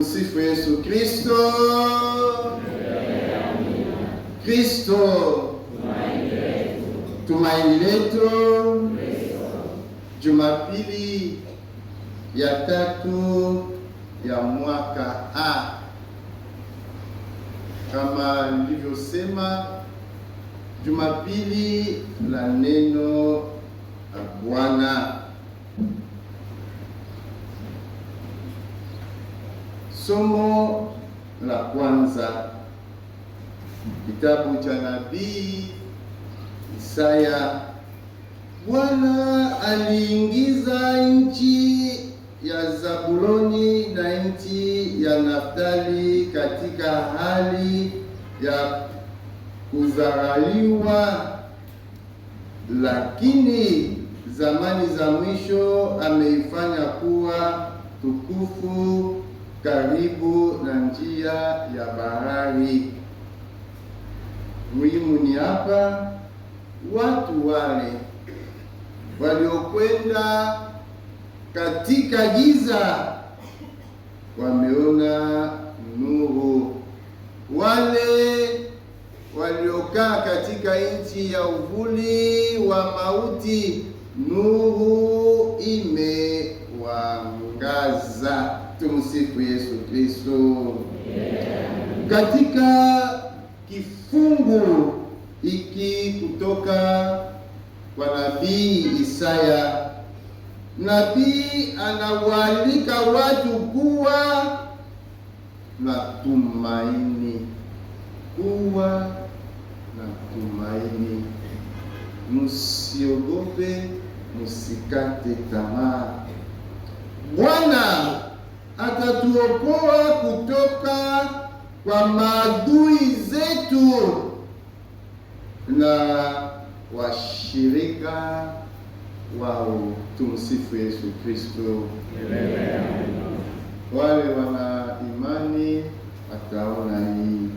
Msifu Yesu Kristo. Kristo tumaini letu. Jumapili ya tatu ya mwaka A, kama nilivyosema, Jumapili la neno la Bwana Somo la kwanza kitabu cha nabii Isaya. Bwana aliingiza nchi ya Zabuloni na nchi ya Naftali katika hali ya kudharauliwa, lakini zamani za mwisho ameifanya kuwa tukufu karibu na njia ya bahari. Muhimu ni hapa, watu wale waliokwenda katika giza wameona nuru, wale waliokaa katika nchi ya uvuli wa mauti, nuru imewaangaza. Tumsifu Yesu Kristo. Yeah. Katika kifungu hiki kutoka kwa nabii Isaya, nabii anawaalika watu kuwa na tumaini, kuwa na tumaini, msiogope, msikate tamaa. Bwana atatuokoa kutoka kwa maadui zetu na washirika wao. Tumsifu Yesu Kristo. Wale wana imani wataona hii.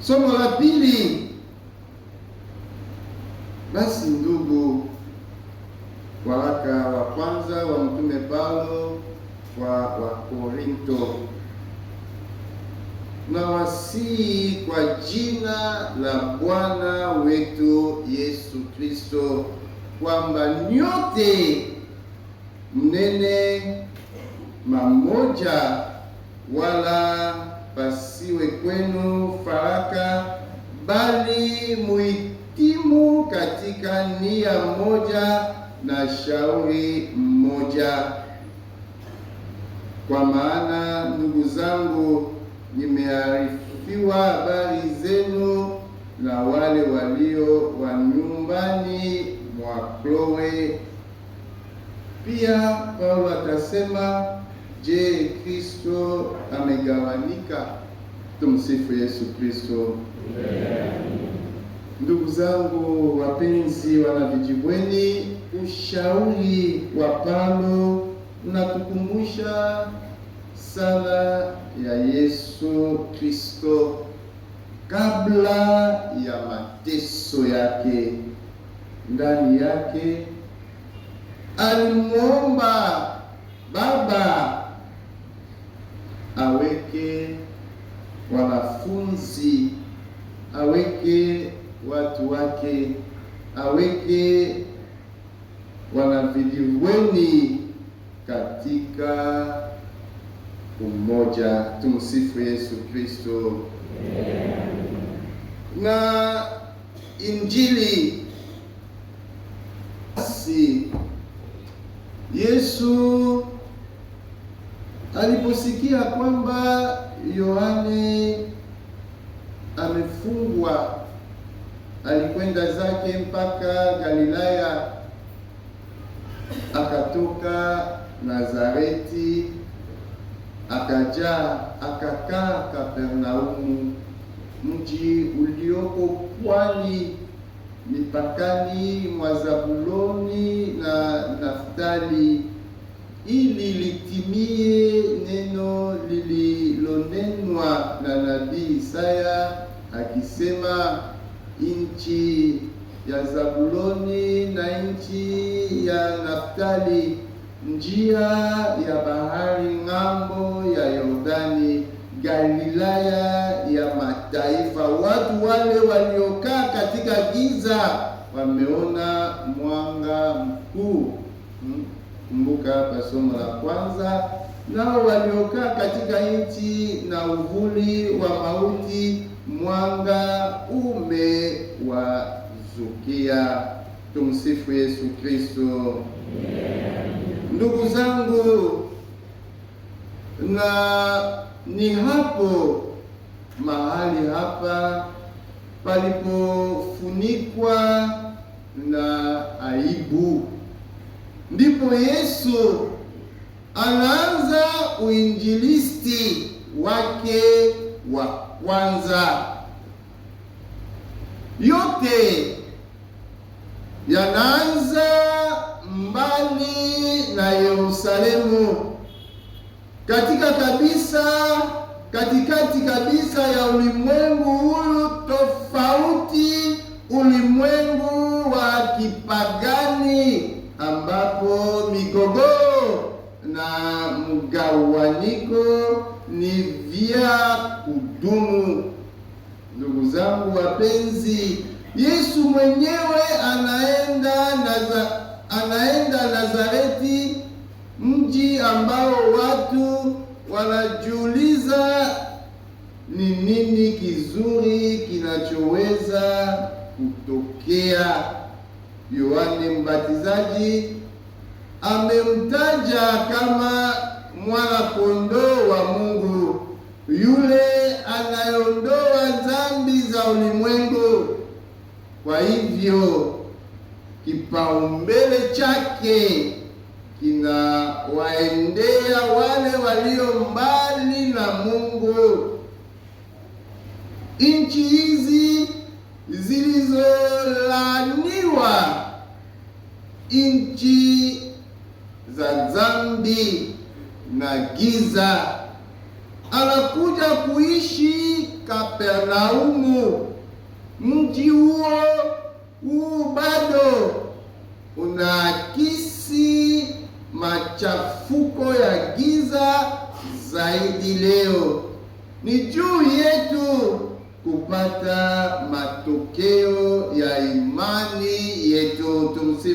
Somo la pili, basi ndugu waraka wa kwanza wa Mtume Paulo kwa Wakorinto. Na wasihi kwa jina la Bwana wetu Yesu Kristo kwamba nyote mnene mamoja, wala pasiwe kwenu faraka, bali muhitimu katika nia moja na shauri mmoja. Kwa maana ndugu zangu, nimearifiwa habari zenu na wale walio wa nyumbani mwa Chloe. Pia Paulo akasema, je, Kristo amegawanika? Tumsifu Yesu Kristo. Ndugu zangu wapenzi, wana Vijibweni ushauri wa Paulo kukumbusha sala ya Yesu Kristo kabla ya mateso yake. Ndani yake alimwomba Baba aweke wanafunzi, aweke watu wake, aweke wanavijiweni katika umoja. Tumsifu Yesu Kristo. Na Injili basi, Yesu aliposikia kwamba Yohane amefungwa, alikwenda zake mpaka Galilaya akatoka Nazareti akaja akakaa Kapernaumu, mji ulioko pwani mipakani mwa Zabuloni na Naftali, ili litimie neno lililonenwa na nabii Isaya akisema, nchi ya Zabuloni na nchi ya Naftali, njia ya bahari ng'ambo ya Yordani, Galilaya ya mataifa. Watu wale waliokaa katika giza wameona mwanga mkuu. Hmm? Kumbuka hapa somo la kwanza. Nao waliokaa katika nchi na uvuli wa mauti, mwanga ume wa Zukia. Tumsifu Yesu Kristo. Ndugu zangu, na ni hapo mahali hapa palipofunikwa na aibu, ndipo Yesu anaanza uinjilisti wake wa kwanza yote yanaanza mbali na Yerusalemu, katika kabisa katikati kabisa ya ulimwengu huu tofauti, ulimwengu wa kipagani ambapo migogoro na mgawanyiko ni vya kudumu. Ndugu zangu wapenzi Yesu mwenyewe anaenda naza, anaenda Nazareti, mji ambao watu wanajiuliza ni nini kizuri kinachoweza kutokea. Yohane Mbatizaji amemtaja hivyo kipaumbele chake kinawaendea wale walio mbali na Mungu. Nchi hizi zilizolaniwa, nchi za dhambi na giza, anakuja kuishi Kapernaumu, mji huo huu bado unaakisi machafuko ya giza zaidi. Leo ni juu yetu kupata matokeo ya imani yetu. Tumsifu.